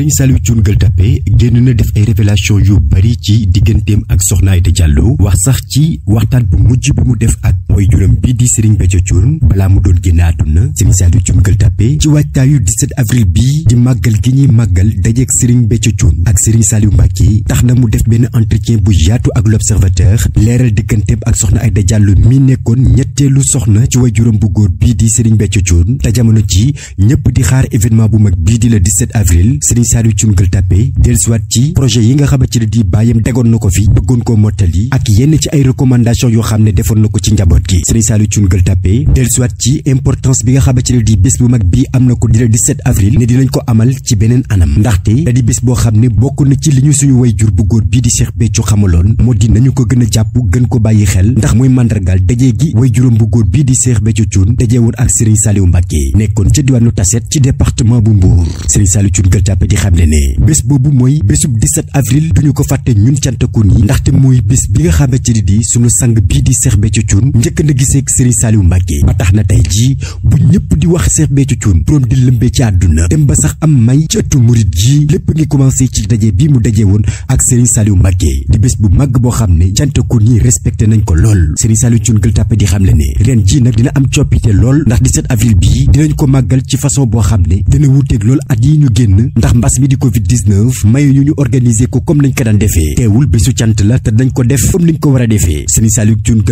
Serigne Saliou Thioune Gueule Tapée génn na def ay révélation yu bari ci digganteem ak Soxna Aïda Diallo wax sax ci waxtaan bu mujj bu mu def ak mooy juróom bii di Serigne Béthio Thioune balaa mu doon génn na Serigne Saliou Thioune Gueule Tapée ci waajtaayu 17 avril bi di màggal gi ñuy màggal dajeeg Serigne Béthio Thioune ak Serigne Saliou Mbacké tax na mu def benn entretien bu yaatu ak l'observateur leeral digganteem ak soxna Aïda Diallo mi nekkoon ñetteelu soxna ci way juróom bu góor bii di Serigne Béthio Thioune te jamono ji ñëpp di xaar événement bu mag bii di le 17 avril Serigne Saliou Thioune Gueule Tapée dellusiwaat ci projet yi nga xamante ne di bàyyam tegoon na ko fi bëggoon koo mottali ak yenn ci ay yoo xam ne defoon na ko ci njaboot njaboot gi Serigne Saliou Thioune Gueule Tapée dellusiwaat ci importance bi nga xamante ne di bés bu mag bi am na ko dina 17 avril ne dinañ ko amal ci beneen anam ndaxte da di bés boo xam ne bokk na ci li ñu suñu way jur bu góor bii di Cheikh Béthio xamaloon moo di nañu ko gën a jàpp gën ko bàyyi xel ndax muy màndargaal dajee gi way juróom bu góor bii di Cheikh Béthio Thioune dajee woon ak Serigne Saliou Mbacké nekkoon ca diwaanu Tasset ci département bu Mbour Serigne Saliou Thioune Gueule Tapée di xamle ne bés boobu mooy bésub 17 avril duñu ko fàtte ñun cantakoon yi ndaxte mooy bés bi nga xamante ne di suñu sang bii di Cheikh Béthio Thioune njëkk na gisee ak Serigne Saliou ba tax na tey jii bu ñëpp di wax Cheikh Béthio Thioune boroom di lëmbee ci àdduna dem ba sax am may ci ëttu murit ji lépp ngi commencé ci daje bi mu daje woon ak Serigne Saliou Mbacké di bés bu màgg boo xam ne jantakun yi respecté nañ ko lool Serigne Saliou Thioune Gueule Tapée di xam le ne ren ji nag dina am coppite lool ndax 17 avril bii dinañ ko màggal ci façon boo xam ne dina wuuteeg lool at yi ñu génn ndax mbas mi di covid 19 mayu ñu ñu organiser ko comme nañ ko daan defee teewul bésu cant la te dañ ko def comme ko war a defee Serigne Saliou Thioune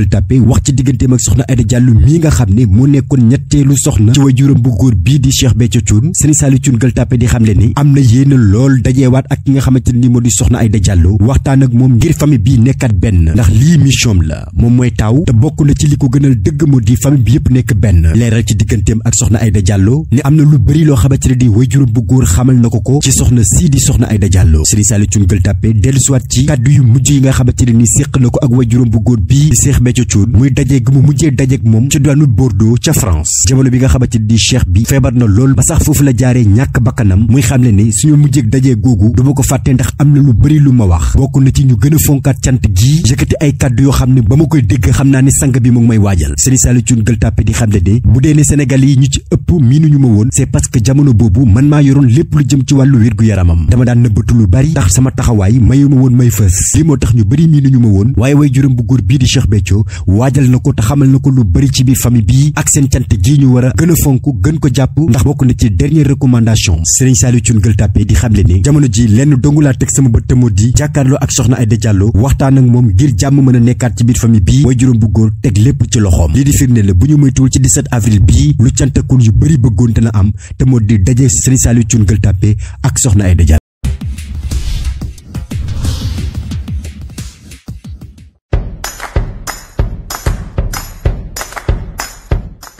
digganteem ak soxna Aida Diallo mii nga xam ne moo nekkoon ñetteelu soxna ci waajuram bu góor bii di Cheikh Béthio Thioune Serigne Saliou Thioune Gueule Tapée di xam le ni am na yéena lool dajeewaat ak ki nga xamante ni moo di soxna Aida Diallo waxtaan ak moom ngir famille bii nekkat benn ndax lii mission la moom mooy taaw te bokk na ci li ko gënal dëgg moo di famille yëpp nekk benn leeral ci digganteem ak soxna Aida Diallo ni am na lu bëri loo xamante ne di waajuram bu góor xamal na ko ko ci soxna sii di soxna Aida Diallo Serigne Saliou Thioune Gueule Tapée dellusiwaat ci kàddu yu mujj yi nga xamante ne ni séq na ko ak waajuram bu góor bii di Cheikh Béthio Thioune muy daje mujjee gu mu mujjee dajeek moom ca daanu Bordeaux ca France jamono bi nga xamante ni cheikh bi feebar na lool ba sax foofu la jaaree ñàkk bakkanam muy xamle ni suñu mujjeeg dajee googu du ma ko fàtte ndax am na lu bëri lu ma wax bokk na ci ñu gën a fonkaat cant gii yëkkati ay kàddu yoo xam ne ba ma koy dégg xam naa ne sang bi mu may waajal Serigne Saliou Thioune Gueule Tapée di xam ne de bu dee ne Sénégal yi ñu ci ëpp miinuñu ma woon ñu ma woon waaye way juróom bu góor ko te xamal na ko lu bari ci biir famille bii ak seen cant gii ñu war a gën fonk gën ko jàpp ndax bokk na ci dernière recommandation Serigne Saliou Thioune Gueule Tapée di xamle ni jamono ji lenn dongu laa teg sama bët te moo di jàkkaarloo ak soxna Aïda Diallo waxtaan ak moom ngir jàmm mën a nekkaat ci biir famille bii way juróom bu góor teg lépp ci loxoom lii di firnde la bu ñu moytuwul ci 17 avril bii lu cantakun yu bëri bëggoon te na am te di daje Serigne Saliou Thioune Gueule Tapée ak soxna Aïda Diallo